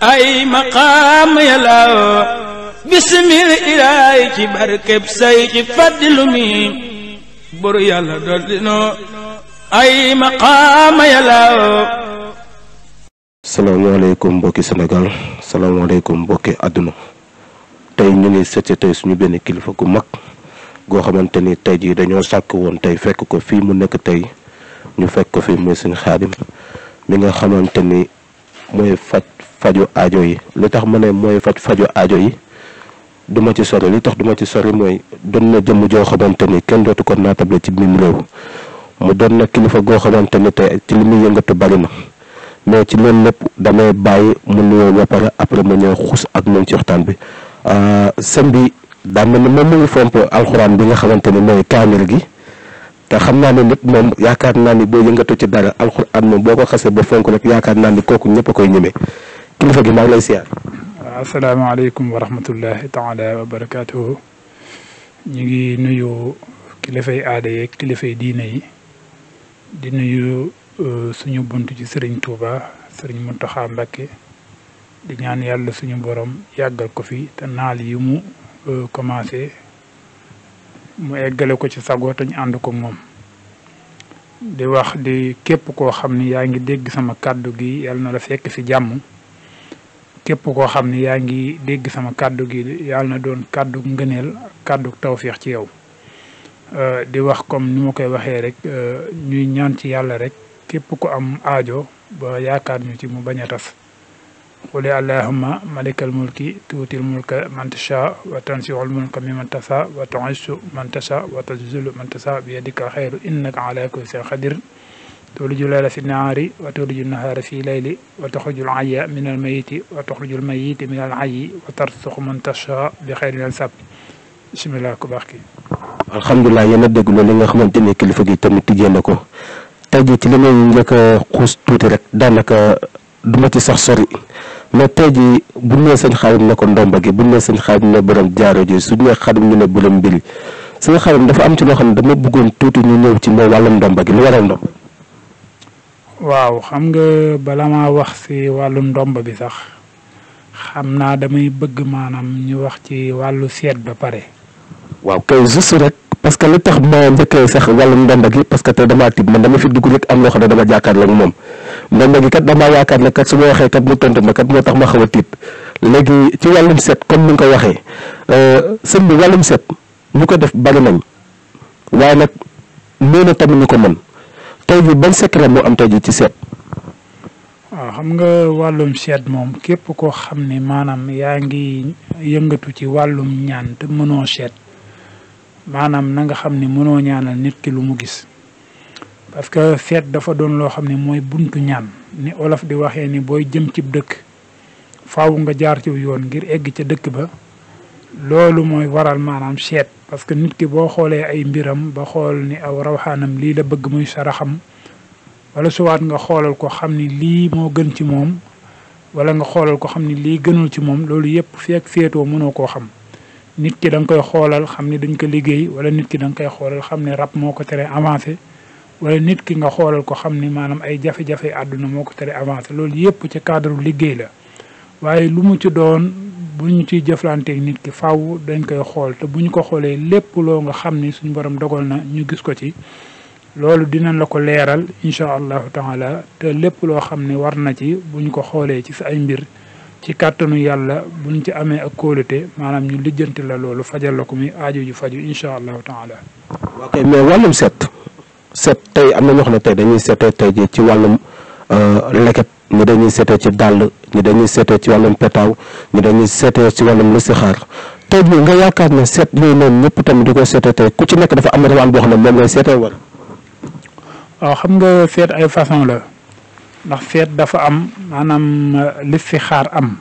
ay maqaam yàllaaw bisimil ilaay ci barkeb say ci fàddilu mi buru yàlla dool dinoo ay maqaam yàllaaw salaamaaleykum mbokki Sénégal salaamaaleykum mbokki àdduna tey ñu ngi seet tey suñu benn kilifa gu mag goo xamante ni tey jii dañoo sàkk woon tey fekk ko fii mu nekk tey ñu fekk ko fi muy suñu xaadim mi nga xamante ni mooy faj faju ajo yi lu tax ma ne mooy faj faju aajo yi duma ci sori li tax duma ci sori mooy doon na jëmm joo xamante ni kenn dootu ko naatable ci mim réew mu doon na kilifa goo xamante ni te ci li muy yëngatu bari na mais ci loolu lépp damay bàyyi mu nuyoo ba après ma ñëw xus ak moom ci waxtaan bi euh, sëm bi daa mel ni moom mu ngi fomp alxuraan bi nga xamante ni mooy kaamil gi te xam naa ne nit moom yaakaar naa ni boo yëngatu ci dara alxuraan moom boo ko xasee ba fonk yaakaar naa ni kooku ñëpp a koy ñeme. kilifa gi maa ngi lay siyaar. waaw asalaamaaleykum wa rahmatullahi taala ñu ngi nuyu kilifay aada yeeg kilifay diine yi di nuyu uh, suñu bunt ci sëriñ Touba sëriñ Mountakha Mbacké di ñaan yàlla suñu borom yàggal ko fi te naal yi mu uh, commencé mu eggale ko ci sago te ñu ànd ko moom. di wax di képp koo xam ni yaa ngi dégg sama kàddu gi yàlla na la fekk ci jàmm. képp koo xam ne yaa ngi dégg sama kàddu gi yàlla na doon kàddu ngëneel kàddu tawféex ci yow euh, di wax comme ni ma koy waxee rek euh, ñuy ñaan ci yàlla rek képp ku am aajo ba yaakaar ñu ci mu bañ a tas xuli allahumma malikal mulki tuutil mulka man tasha si tansiul mulka mimman tasha wa tuissu man tasha wa tazulu man tasha bi yadika xayru innaka ala تولج الليل في النهار وتولج النهار في الليل وتخرج الحي من ju وتخرج الميت من الحي وترزق من تشاء بغير حساب bisimilah ku baax kii. alhamdulilah yéen a déglu li nga xamante ni kilifa gi tamit tijjee na ko tey ci li may njëkk tuuti rek daanaka du ma sax sori mais jii bu ñu nee sëñ Xaadim ne ko ndomba bu ñu nee sëñ Xaadim ne borom jaaro ji su ñu nee Xaadim ñu ne dafa am ci loo xam ne dama bëggoon tuuti ñu ñëw ci moom wàlla ndomba gi lu waral ndomba. waaw xam nga bala ma wax si wàllu ndomb bi sax xam naa damay bëgg maanaam ñu wax ci wàllu seet ba pare. waaw kay juste rek parce que li tax ma njëkkee sax wàllu ndomba gi parce que te damaa tibb man dama fi dugg rek am loo xam ne dama jàkkaarloo ak moom ndomba gi kat damaa yaakaar ne kat su ma waxee kat mu tontu ma kat moo tax ma xaw tiit léegi ci wàllum seet comme ni nga ko waxee euh, sëñ bi wàllum seet mu ko def bari nañ waaye nag nee na tamit ñu ko mën. tey jii ban secret moo am tey jii ci set waaw ah, xam nga wàllum seet moom képp koo xam ne maanaam yaa ngi yëngatu ci wàllum ñaan te mënoo seet maanaam na nga xam ni mënoo ñaanal nit ki lu mu gis parce que seet dafa doon loo xam ne mooy buntu ñaan ni olof di waxee ni booy jëm cib dëkk faaw nga jaar ci yoon ngir egg ca dëkk ba loolu mooy waral maanaam seet parce que nit ki boo xoolee ay mbiram ba xool ni aw rawxaanam lii la bëgg muy saraxam wala suwaat nga xoolal ko xam ni lii moo gën ci moom wala nga xoolal ko xam ni lii gënul ci moom loolu yëpp feek seetoo mënoo koo xam nit ki da koy xoolal xam ni dañ ko liggéey wala nit ki da nga koy xoolal xam ni rab moo ko tere avancé wala nit ki nga xoolal ko xam ni maanaam ay jafe-jafe àdduna moo ko tere avancé loolu yëpp ci cadre liggéey la waaye lu mu ci doon bu ñu ciy jëflanteeg nit ki faaw dañ koy xool te bu ñu ko xoolee lépp loo nga xam ni suñu borom dogal na ñu gis ko ci loolu dinañ la ko leeral incha allahu taala te lépp loo xam ne war na ci bu ñu ko xoolee ci sa ay mbir ci kàttanu yàlla buñ ci amee ak kóolute maanaam ñu lijjanti la loolu fajal la ko muy aajo ju faju incha allahu taala. ok mais wàllum set. set tey am na ñoo xam ne tey dañuy seetee tey jii ci wàllum euh, leket. ñu dañuy seetee ci dàll ñu dañuy seetee ci wàllum petaaw ñu dañuy seetee ci wàllum listixaar tey jii nga yaakaar ne seet yooyu noonu ñëpp tamit di koy seetee tey ku ci nekk dafa am rawaan boo xam ne moom ngay seetee waaw xam nga seet ay façon la ndax seet dafa am maanaam euh, xaar am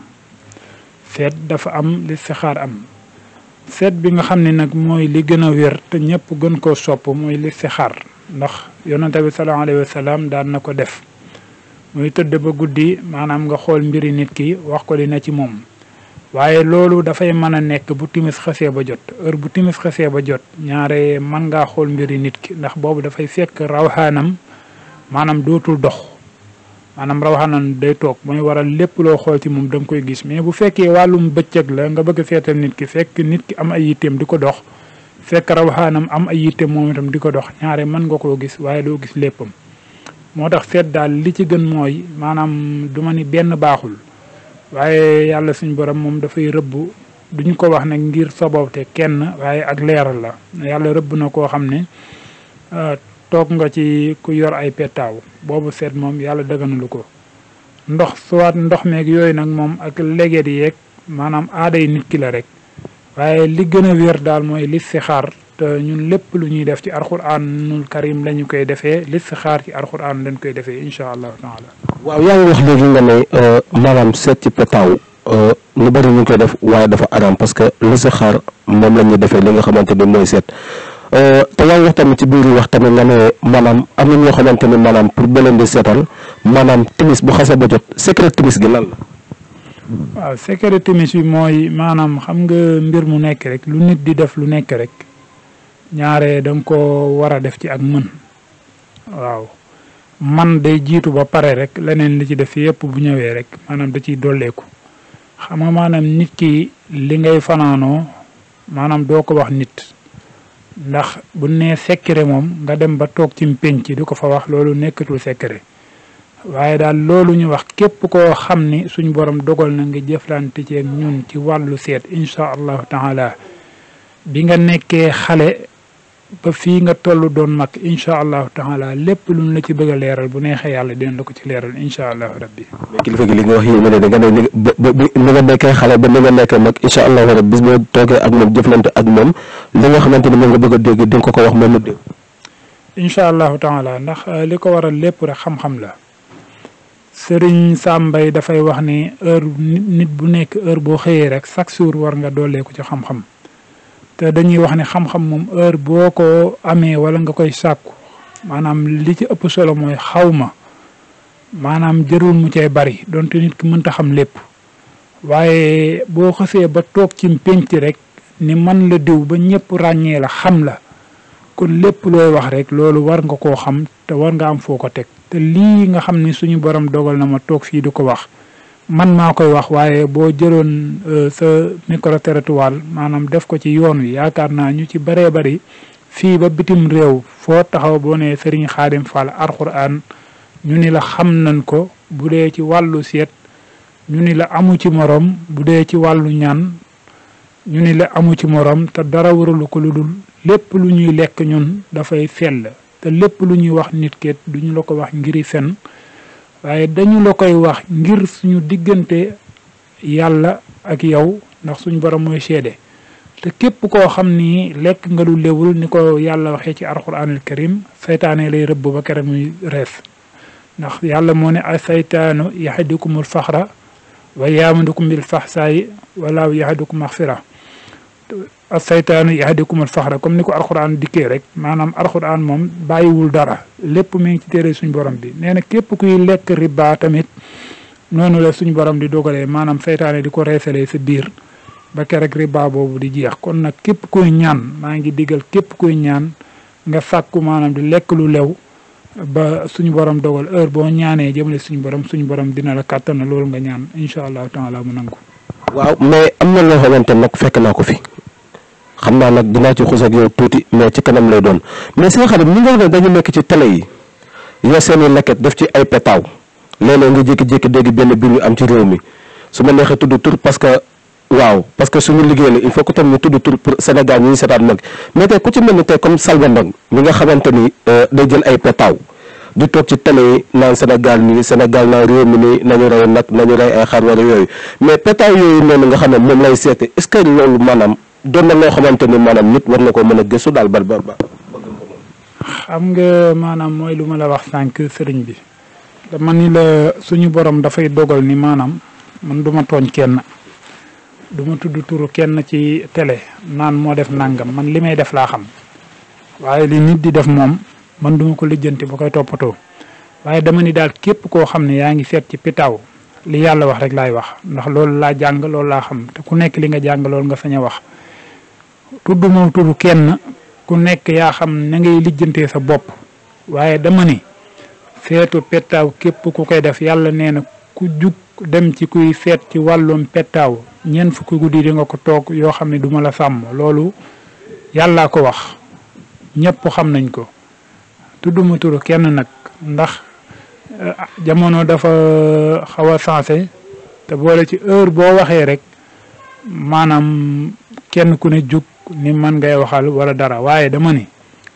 seet dafa am listixaar am seet bi nga xam ne nag mooy li gën a wér te ñëpp gën koo sopp mooy listixaar ndax yonente bi sallallahu alayhi wa sallam daan na ko def. muy tëdd ba guddi maanaam nga xool mbir mbiri nit ki wax ko li na ci moom waaye loolu dafay mën a nekk bu timis xasee ba jot heure bu timis xasee ba jot ñaare man ngaa xool mbiri nit ki ndax boobu dafay fekk rawxaanam maanaam dootul dox maanaam rawxaanam day toog mooy waral lépp loo xool ci moom danga koy gis mais bu fekkee wàllum bëccëg la nga bëgg feetal nit ki fekk nit ki am ay yitteem di ko dox fekk rawxaanam am ay yitteem moom itam di ko dox ñaare mën nga koo gis waaye doo gis léppam moo tax feet daal li ci gën mooy maanaam du ma ni benn baaxul waaye yàlla suñ borom moom dafay rëbb duñ ko wax nag ngir soboote kenn waaye ak leeral la yàlla rëbb na koo xam ne euh, toog nga ci ku yor ay pettaaw boobu seet moom yàlla dëganalu ko ndox suwaat ndox meeg yooyu nag moom ak léget yeeg maanaam aada yi nit ki la rek waaye li gën a wér daal mooy li si xaar ñun lépp lu ñuy def ci alxuraanul karim la koy defee listixaar ci alxuraan lañ koy defee incha allah taala waaw yaa ngi wax léegi nga ne euh, maanaam seet ci petaaw euh, lu bëri ñu koy def waaye dafa araam parce que listixaar moom la defee li nga xamante ni mooy seet euh, te yaa ngi wax tamit ci biir wax tamit nga ne maanaam am na ñoo xamante ni maanaam pour ba leen di seetal maanaam timis bu xasee ba jot secret timis gi lan la. waaw secret timis bi mooy maanaam xam nga mbir mu nekk rek lu di def lu nekk rek. ñaare danga ko war a def ci ak mën waaw man day jiitu ba pare rek leneen li ci def yëpp bu ñëwee rek maanaam da ciy dolleeku xam nga maanaam nit ki li ngay fanaanoo maanaam doo ko wax nit ndax bu ne secret moom nga dem ba toog ci pénc di ko fa wax loolu nekkatul secret waaye daal loolu ñu wax képp koo xam ni suñ borom dogal na ngi jëflante ceeg ñun ci wàllu seet incha allahu taala bi nga nekkee xale ba fii nga toll doon mag incha allahu taala lépp lu la ci bëgg leeral bu neexee yàlla dinañ la ko ci leeral incha allahu rabbi. mais kilifa gi li nga wax yéen a da nga ne ba ba ni nga nekkee xale ba ni nga nekkee mag incha allahu rabbi bis boo toogee ak moom jëflante ak moom li nga xamante ne moom nga bëgg a dégg di nga ko ko wax moom la dégg. incha allahu taala ndax euh, li ko waral lépp rek xam-xam la. Sëriñ Sambay dafay wax ni heure nit bu nekk heure boo xëyee rek chaque jour war nga dooleeku ci xam te dañuy wax ne xam-xam moom heure boo ko amee wala nga koy sàkku maanaam li ci ëpp solo mooy xaw ma maanaam jërul mu cay bari donte nit ki mënta xam lépp waaye boo xasee ba toog ci pénc rek ni man la diw ba ñëpp ràññee la xam la kon lépp looy wax rek loolu war nga koo xam te war nga am foo ko teg te lii nga xam ni suñu borom dogal na ma toog fii di ko wax man maa koy wax waaye boo jëloon euh, sa micro maanaam def ko ci yoon wi yaakaar naa ñu ci bëree bëri fii ba bitim réew foo taxaw boo nee Serigne Khadim Fall alxuraan ñu ni la xam nañ ko bu dee ci wàllu seet ñu ni la amu ci morom bu dee ci wàllu ñaan ñu ni la amu ci morom te dara waralu ko lu dul lépp lu ñuy lekk ñun dafay fell te lépp lu ñuy wax nit ket duñu la ko wax ngiri fen waaye dañu la koy wax ngir suñu diggante yàlla ak yow ndax suñu borom mooy seede te képp koo xam ni lekk nga lu léwul ni ko yàlla waxee ci alquranil karim saytaane lay rëbb ba kere muy rees ndax yàlla moo ne a saytaanu yaxadikumul faxra wa yaamandukum bil faxsaayi walaaw yaxadikum maxfira asaytaanu yahdikum al faxra comme ni ko alxuraan dikkee rek maanaam alxuraan moom bàyyiwul dara lépp mi ngi ci téere suñ borom bi nee na képp kuy lekk riba tamit noonu la borom di dogalee maanaam saytaane di ko reesalee sa biir ba kerek riba boobu di jeex kon nag képp kuy ñaan maa ngi diggal képp kuy ñaan nga sàkku maanaam di lekk lu lew ba suñu borom dogal heure boo ñaanee jëmale suñu borom suñu borom dina la kàttan loolu nga ñaan incha allahu taala mu nangu. waaw mais am na loo xamante nag fekk naa ko fi. xam naa nag dinaa ci xuus ak yow tuuti mais ci kanam lay doon mais si nga xam ne ñi nga xam ne dañu nekk ci télé yi yor seeni lekket def ci ay pétaaw léeg-léeg nga jékki-jékki dégg benn biir yu am ci réew mi su ma neexee tudd tur parce que waaw parce que suñu liggéey la il faut que tam ñu tudd tur pour Sénégal ñi ñu seetaan nag mais tey ku ci mel ni tey comme Salva Ndong mi nga xamante ni euh, day jël ay pétaaw di toog ci télé yi naan Sénégal nii Sénégal naan réew mi nii nañu rey nag nañu rey ay xar wala yooyu mais pétaaw yooyu noonu nga xam ne moom lay seete est-ce que loolu maanaam doon na loo xamante ni maanaam nit war na ko mën a gësu daal ba ba ba. xam nga maanaam mooy lu ma la wax sànq sëriñ bi. dama ni la suñu borom dafay dogal ni maanaam man du ma tooñ kenn du ma tudd turu kenn ci tele naan moo def nangam man li may def laa xam waaye li nit di def moom man duma ko lijjanti ba koy toppatoo waaye dama ni daal képp koo xam ne yaa ngi seet ci pitaaw li yàlla wax rek laay wax ndax loolu laa jàng loolu laa xam te ku nekk li nga jàng nga sañ a wax tudd moom tudd kenn ku nekk yaa xam na ngay lijjantee sa bopp waaye dama ni seetu pettaaw képp ku koy def yàlla nee na ku jug dem ci kuy seet ci wàllum pettaaw ñeent fukki guddi di nga ko toog yoo xam ne duma la sàmm loolu yàllaa ko wax ñëpp xam nañ ko tudduma turu kenn nag ndax eh, jamono dafa eh, xaw a sensé te boole ci heure boo waxee rek maanaam kenn ku ne jug ni man ngay waxal wala dara waaye dama ni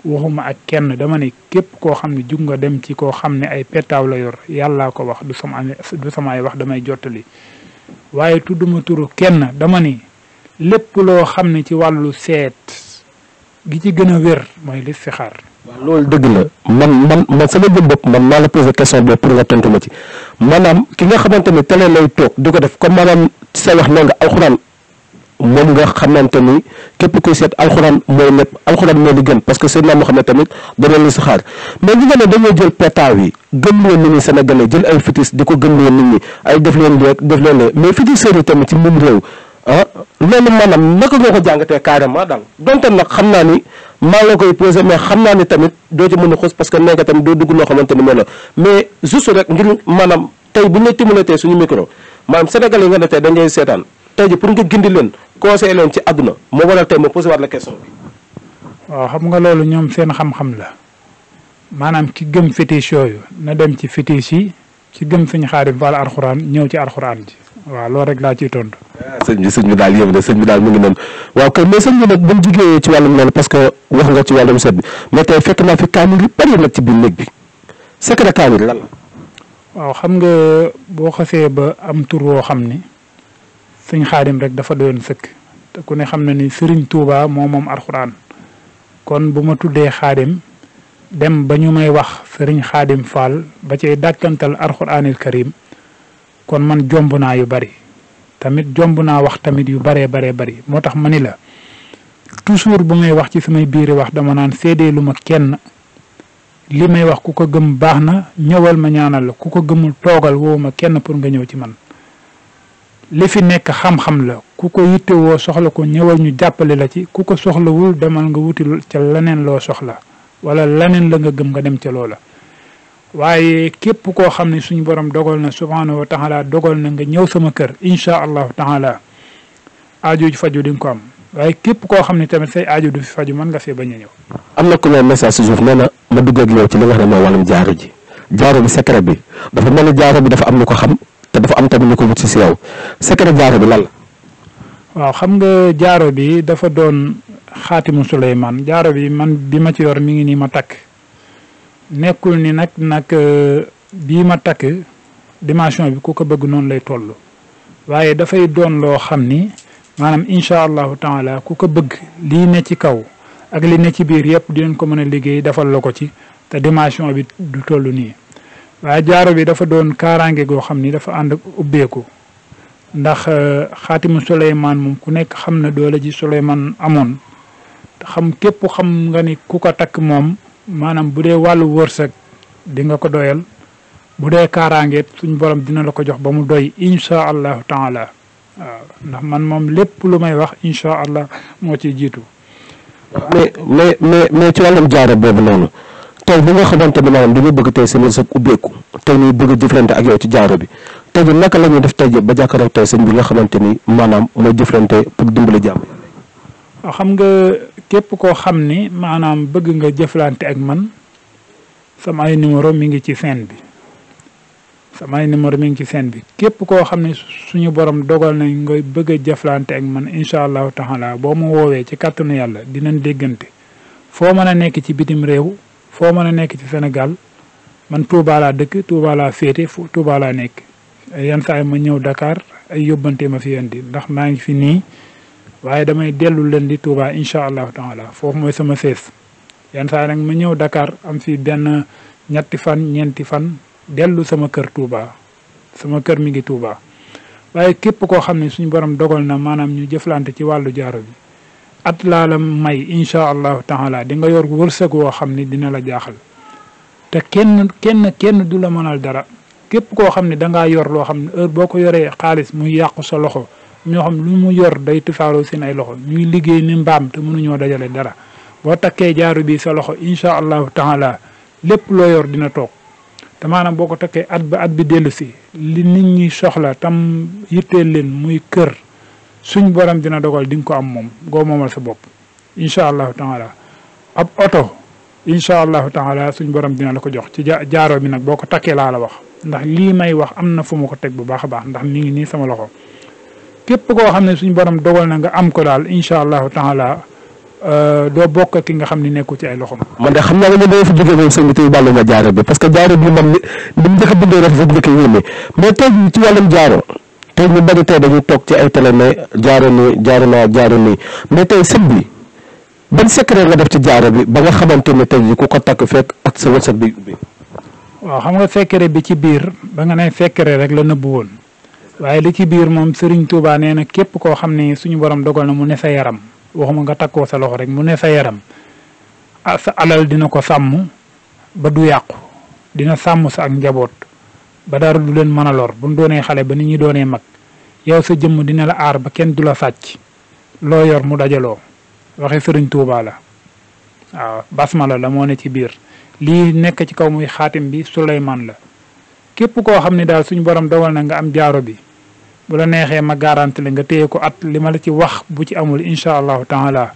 waxuma ak kenn dama ne képp koo xam ne jug nga dem ci koo xam ne ay pettaaw la yor yàllaa ko wax du sama am du samay wax damay jottali waaye tudduma turu kenn dama ni lépp loo xam ne ci wàllu seet gi ci gën a wér mooy listixaar. waaw loolu dëgg la man man sama jëm bopp man maa la posé question boobu pour nga tontu ma ci maanaam ki nga xamante ne lay toog di ko def comme maanaam sa wax na nga alxuraan. moom nga xamante ni képp kuy seet alxuraan mooy lépp alxuraan mooy li gën parce que Seydina Mohamed tamit ne dañoo jël pétaaw yi gëm leen nit ñi Sénégalais jël ay fitis di ko gëm leen nit ñi ay def leen leen lee tamit ci mum réew ah loolu maanaam naka nga ko jàngatee carrément daal donte nag xam naa ni maa la koy posé mais xam naa ni tamit doo ci mën a xos parce que nee nga tamit doo dugg loo xamante ni moo la mais juste rek ngir maanaam tey bu ñu la timalatee suñu micro maanaam sénégalais yi nga ne tey dañ seetaan tey ji pour nga gindi leen conseillé leen ci àdduna moo waral tey ma posé waat la question bi. waaw xam nga loolu ñoom seen xam-xam la maanaam ki gëm fétiche yooyu na dem ci fétiche yi ci gëm sëñ Xaadim Fall arxuraan ñëw ci arxuraan ji waaw loolu rek laa ciy tontu. Ah, sëñ bi sëñ bi daal yéen de sëñ daal mu ngi noonu waaw kay mais sëñ bi nag buñ jigéen ci wàllum noonu parce que wax nga ci wàllum set bi moo tey fekk naa fi kaamil yu bari nag ci biir néeg bi secret kaamil lan la. waaw xam nga boo xasee ba am tur woo xam ni. sëñ xaadim rek dafa doyoon sëkk te ku ne xam na ni sëriñ Touba moo moom alxuraan kon bu ma tuddee xaadim dem ba ñu may wax sëriñ xaadim Fall ba cay dàkkantal alxuraanil karim kon man jomb naa yu bari tamit jomb naa wax tamit yu baree baree bari moo tax ma ni la toujours bu may wax ci samay biiri wax dama naan seedee lu ma kenn li may wax ku ko gëm baax na ñëwal ma ñaanal la ku ko gëmul toogal woowu ma kenn pour nga ñëw ci man li fi nekk xam-xam la ku ko yittewoo soxla ko ñëwal ñu jàppale la ci ku ko soxlawul demal nga wuti ca leneen loo soxla wala leneen la nga gëm nga dem ca loola. waaye képp koo xam ne suñu borom dogal na subhaanahu wa taala dogal na nga ñëw sama kër incha allah taala aajo ju faju di nga ko am waaye képp koo xam ne tamit say aajo du fi faju mën nga see ba a ñëw. am na ko ne message si suuf na ma dugg yow ci li nga xam ne mooy wàllum jaaro ji jaaro bi secret bi dafa mel ni bi dafa am lu ko xam. te dafa am tamit ñu ko wut si si yow secret jaaro bi lan waaw xam nga jaaro bi dafa doon xaatimu Suleymaan jaaro bi man bi ma ci yor mi ngi nii ma takk nekkul ni nag nag euh, bii ma takk dimension bi ku ko bëgg noonu lay tollu waaye dafay doon loo xam ni maanaam incha allahu taala ku ko bëgg lii ne ci kaw ak li ne ci biir yëpp dinañ ko mën a liggéey defal la ko ci te dimension bi du toll nii. waaye jaaro bi dafa doon kaaraange goo xam ni dafa ànd ak ubbeeku ndax euh, xaatimu Souleymane moom ku nekk xam na doole ji Souleymane amoon xam képp xam nga ni ku ko takk moom maanaam bu dee wàllu wërsëg di ko doyal bu dee kaaraange suñ borom dina la ko jox ba mu doy incha allahu taala waaw ndax man moom lépp lu may wax incha allah moo ciy jiitu. mais mais mais mais ci wàllum jaaro boobu noonu. tey bi nga xamante ne maanaam dañoo bëgg tey sëñ bi sa ubbeeku tey bëgg a jëflante ak yow ci jaaro bi tey jii naka la ñuy def tey ba jàkkaarloo tey sëñ nga xamante ni maanaam mooy jëflante pour dimbali jàmm. waaw nga képp koo xam ni maanaam bëgg nga jëflante ak man sama numéro mi ngi ci seen bi sama ay numéro mi ngi ci seen bi képp koo xam ne suñu borom dogal nañ nga bëgg jëflante ak man incha allahu taala boo mu woowee ci kàttanu yàlla dinañ déggante foo mën a nekk ci bitim réew. foo mën a nekk ci senegal man Touba laa dëkk Touba laa féete fu Touba laa nekk yan saa yi ma ñëw dakaar ay yóbbante ma fi di ndax maa ngi fi nii waaye damay dellu leen di Touba incha allahu taala foofu mooy sama sees yan saa yi ma ñëw dakaar am fi benn ñetti fan ñeenti fan dellu sama kër Touba sama kër mi ngi tuubaa waaye képp koo xam ne suñu borom dogal na maanaam ñu jëflante ci wàllu jaaro bi at laa la may incha allahu taala di nga yor wërsëg woo xam ni dina la jaaxal te kenn kenn kenn du la mënal dara képp koo xam ne dangaa yor loo xam ne heure boo ko yoree xaalis mu yàqu sa loxo ñoo xam lu mu yor day tufaaroo seen ay loxo ñuy liggéey ni mbaam te mënuñoo dajale dara boo takkee jaaru bi sa loxo incha allahu taala lépp loo yor dina toog te maanaam boo ko takkee at ba at bi dellu si li nit ñi soxla tam yitteel leen muy kër suñ borom dina dogal di nga ko am moom goo moomal sa bopp incha allahu taala ab oto incha allahu taala suñ borom dina la ko jox ci ja jaaroo bi nag boo ko takkee laa la wax ndax lii may wax am na fu ma ko teg bu baax a baax ndax mi ngi nii sama loxo képp koo xam ne suñ borom dogal na nga am ko daal incha allahu taala euh, doo bokk ki nga xam ni nekku ci ay loxom man de xam naa ne dañoo fa jógee moom sëñ bi tey wàllum jaaro bi parce que jaaro bi moom ni mu njëkk a bindoo rek a jaaro tey ñu bari tey dañuy toog ci ay télé ne jaaro nii jaaro naa jaaro nii mais tey sët bi ban nga def ci jaaro bi ba nga xamante ne tey jii ku ko takk fekk ak sa wërsëg bi ubbi. waaw xam nga secret bi ci biir ba nga ne secret rek la nëbbu woon waaye li ci biir moom Serigne Touba nee na képp koo xam ne suñu borom dogal na mu ne sa yaram waxuma nga takkoo sa loxo rek mu ne sa yaram a ah, sa alal dina ko sàmm ba du yàqu dina sàmm sa ak njaboot. ba dara du leen mën a lor buñ doonee xale ba ni ñu doonee mag yow sa jëmm dina la aar ba kenn du la sàcc loo yor mu dajaloo waxe sëriñ Tuubaa la waaw basmala la moo ne ci biir lii nekk ci kaw muy xaatim bi Suleymaan la képp koo xam ne daal suñu borom dogal na nga am jaaro bi bu la neexee ma garanti la nga téye ko at li ma la ci wax bu ci amul incha allahu taala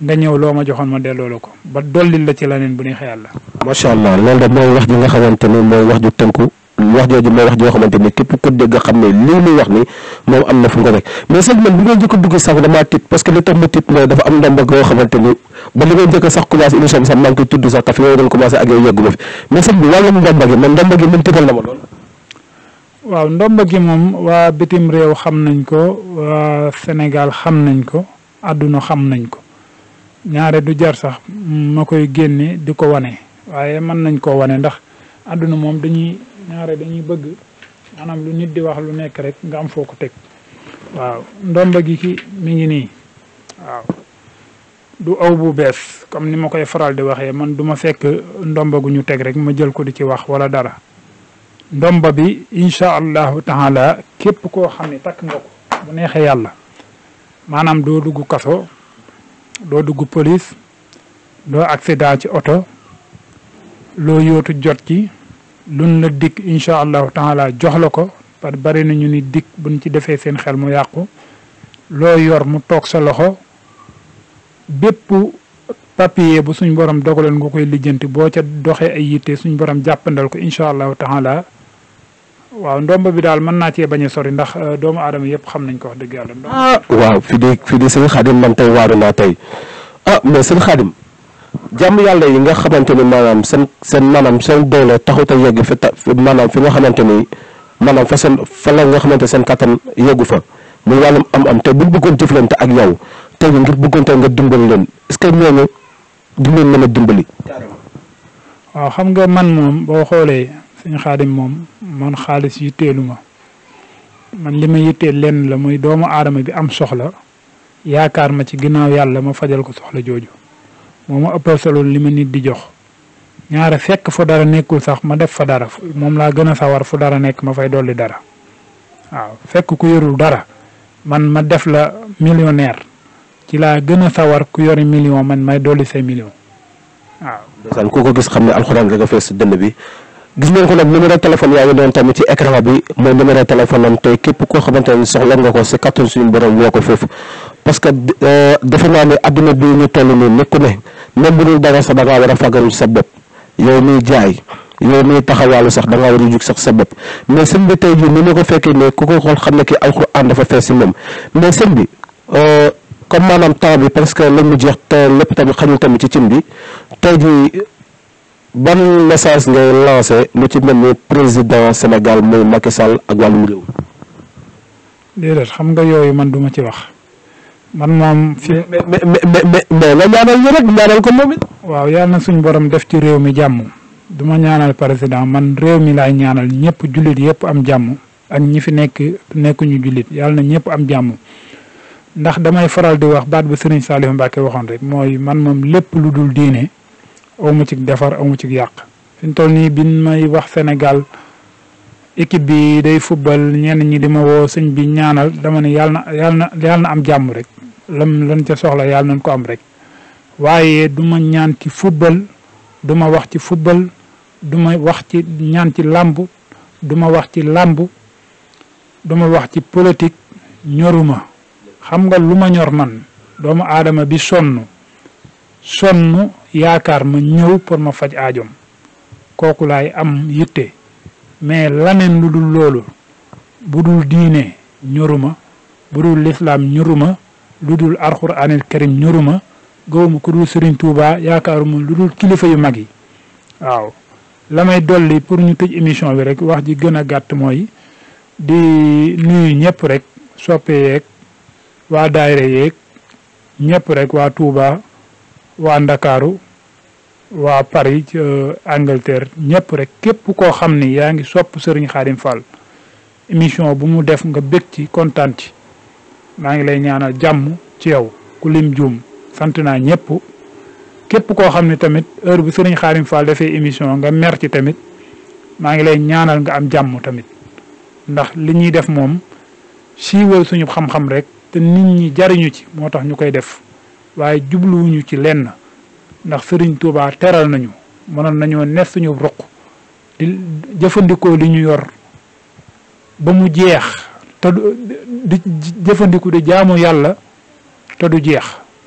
nga ñëw loo ma joxoon ma delloo la ko ba dollil la ci leneen bu neexee yàlla. macha allah loolu de mooy wax ji nga xamante ne mooy wax ju tënku wax jooju mooy wax joo xamante ni képp ku dégg xam ne lii muy wax ni moom am na fu mu ko rek mais man bi ngeen njëkk a sax damaa tiit parce que li tax ma tiit mooy dafa ba li ngeen njëkk a sax nga doon na ma lool waaw ndomba gi nañ ko waa Sénégal xam nañ ko àdduna du jar sax ma koy génne di ko wane waaye man nañ koo wane ndax àdduna moom dañuy ñaare dañuy bëgg maanaam lu nit di wax lu nekk rek nga am foo ko teg waaw ndomba gi ki mu ngi nii waaw du aw bu bees comme ni ma koy faral di waxee man du ma fekk ndomba gu ñu teg rek ma jël ko di ci wax wala dara ndomba bi incha allahu taala képp koo xam ne takk nga ko bu neexee yàlla maanaam doo dugg kaso doo dugg police doo accident ci oto loo yootu jot ci luñ la dikk incha allahu taala jox la ko par bari na ñu ni dikk buñ ci defee seen xel mu yàqu loo yor mu toog sa loxo bépp papier bu suñ borom dogaloon nga koy lijjanti boo ca doxee ay yitte suñ borom jàppandal ko incha allahu taala waaw ndomb bi daal mën naa cee bañ a sori ndax euh, doomu aadama yëpp xam nañ ko wax dëgg yàlla. ah waaw fii di fii di sëñ Xaadim man tey waaru naa tey ah mais sëñ Xaadim jàmm yàlla yi nga xamante ni maanaam seen seen maanaam seen doole taxut a yegg fi ta maanaam fi nga xamante ni maanaam fa seen fa la nga xamante seen kattan yeggu fa muy wàllum am-am te bu buñ bëggoon jëflante ak yow tey ngir bëggoon tey nga dimbali leen est que ñooñu du leen mën a dimbali. waaw xam nga man moom boo xoolee sëñ xaadim moom man xaalis yitteelu ma man li ma yitteel lenn la muy doomu aadama bi am soxla yaakaar ma ci ginnaaw yàlla ma fajal ko soxla jooju. moo ma ëppal solo li ma nit di jox ñaare fekk fa dara nekkul sax ma def fa dara moom laa gën a sawar fu dara nekk ma fay dolli dara waaw fekk ku yorul dara man ma def la millionnaire ci laa gën a sawar ku yori million man may dolli say million waaw. ndeysaan ku ko gis xam ne alxuraan rek a fees dënn bi gis ngeen ko nag numéro téléphone yaa ngi doon tamit ci écran bi mooy numéro téléphone tey képp koo xamante ne soxla nga ko si kattan suñu borom woo ko foofu que euh, defe naa ne adduna même bu dul dara sax da war a fagaru sa bopp yow miy jaay yow miy taxawaalu sax da war a jug sax sa bopp mais sëñ bi tey jii ni ma ko fekkee ku ko xool xam ne kii alxuraan dafa fees si moom mais sëñ bi euh, comme maanaam temps bi parce que lañ mu jeex te lépp tamit xañul tamit ci cim bi tey jii ban message ngay lancé lu ci mel ni président Sénégal muy Macky sàll ak wàllum réew. déedéet xam nga yooyu man duma ci wax. man moom. fi mais mais ñaanal ñu rek ñaanal ko moom it. waaw yàlla na suñu boroom def ci réew mi jàmm. du ñaanal président man réew mi laay ñaanal ñëpp jullit yëpp am jàmm ak ñi fi nekk nekkuñu jullit yàlla na ñëpp am jàmm ndax damay faral di wax baat bu Serigne Saliou Mbacke waxoon rek mooy man moom lépp lu dul diine aw ma defar aw ma ci yàq. fi nii bin may wax senegal équipe bi day football ñenn ñi di ma woo suñ bi ñaanal dama ne yàlla na yàlla na yàlla am jàmm rek. lam lan ca soxla yàlla nañ ko am rek waaye du ma ñaan ci football du wax ci football du ma wax ci ñaan ci làmb duma wax ci làmb du wax ci politique ñoruma xam nga lu ma ñor man doomu aadama bi sonn sonn yaakaar ma ñëw pour ma faj aajom kooku laay am yitte mais laneen lu dul loolu bu dul diine ñoruma bu dul lislaam ñoruma lu dul alxuraanil karim ñoruma gawuma ku dul Serigne Touba yaakaaruma lu dul kilifa yu mag yi waaw la may dolli pour ñu tëj émission bi rek wax ji gën a gàtt mooy di nuyu ñëpp rek soppe yeeg waa daayira yeeg ñëpp rek waa tuuba waa Ndakaaru waa Paris ci Angleterre ñëpp rek képp koo xam ni yaa ngi sopp Serigne Khadim Fall émission bu mu def nga bég ci kontaan ci maa ngi lay ñaanal jàmm ci yow ku lim juum sant naa ñëpp képp koo xam ne tamit heure bu sëriñ Xaarim Fall defee émission nga mer tamit maa ngi lay ñaanal nga am jàmm tamit ndax li ñuy def moom siiwal suñu xam-xam rek te nit ñi jariñu ci moo tax ñu koy def waaye jubluwuñu ci lenn ndax sëriñ Tuubaa teral nañu mënoon nañoo nes suñu ruq di jëfandikoo li ñu yor ba mu jeex te du di jëfandiku di jaamu yàlla te du jeex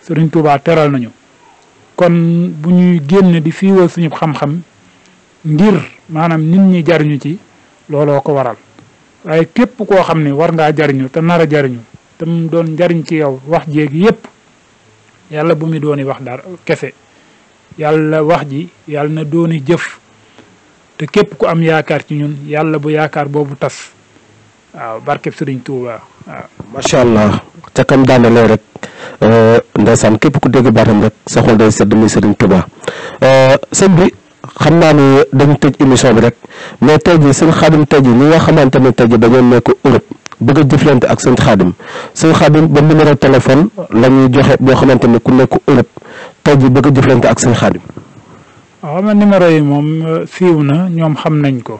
sëriñ Tuubaa teral nañu kon bu ñuy génn di fiiwal suñu xam-xam ngir maanaam nit ñi jariñu ci looloo ko waral waaye képp koo xam ne war ngaa jariñu te nara jariñu te mu doon njariñ ci yow wax jéegi yépp yàlla bu mu dooni wax dara kese yàlla wax ji yàlla na dooni jëf te képp ku am yaakaar ci ñun yàlla bu yaakaar boobu tas waaw barkeb Sëriñ Tuuba waaw. macha allah ca kam daanelee rek euh, ndeysaan képp ku dégg baatam rek sa xol day sedd muy Sëriñ Tuuba euh, sëñ bi xam naa ni dañ tëj émission bi rek moo tey jii sëñ Xaadim tey jii ñi nga xamante ne tey jii dañoo nekk Europe. bëgg a jëflante ak sëñ xaadim sëñ xaadim ba numéro téléphone la ñuy joxe boo xamante ne ku nekk Europe tey ji bëgg jëflante ak sëñ xaadim waaw man numéro yi moom euh, siiw na ñoom xam nañ ko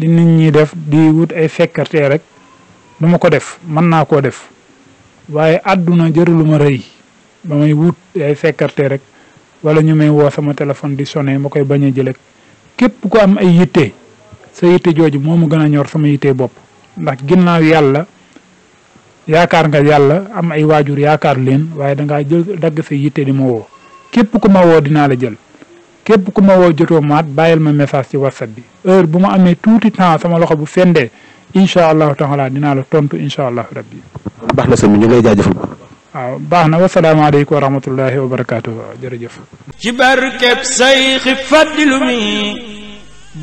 di nit ñi def di wut ay fekkartee rek du ma ko def mën naa koo def waaye àdduna jërulu ma rëy ba may wut ay fekkarte rek wala ñu may woo sama téléphone di sonné ma koy bañ a jël képp ku am ay yitte sa yitte jooju moo mu gën a ñor sama yitte bopp ndax ginnaaw yàlla yaakaar nga yàlla am ay waajur yaakaar leen waaye dangaa jël dagg sa yitte di ma woo képp ku ma woo dinaa la jël képp ku ma woo jotoo maat bàyyil ma message ci whatsapp bi heure bu ma amee tuuti temps sama loxo bu fendee incha allahu taala dinaa la tontu incha allahu rabbi. baax na sëñ bi ñu ngi lay jaajëfal. waaw baax na wasalaamaaleykum wa rahmatullahi wa barakaatu jërëjëf. ci barkeb sayxi faddilu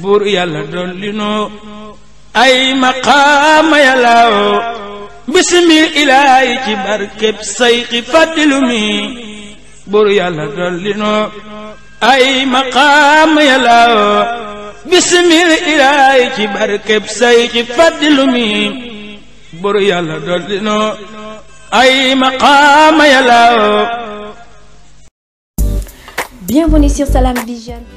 buur yàlla dolli noo ay maqaama yàlla woo bismil ilaahi ci barkeb sayxi faddilu buur yàlla dolli noo ay maqaam yàllaw bisimil ilaay ci barkeb say ci fàddilu mi buru yàlla doon dino ay maqaam yàllaw Bienvenue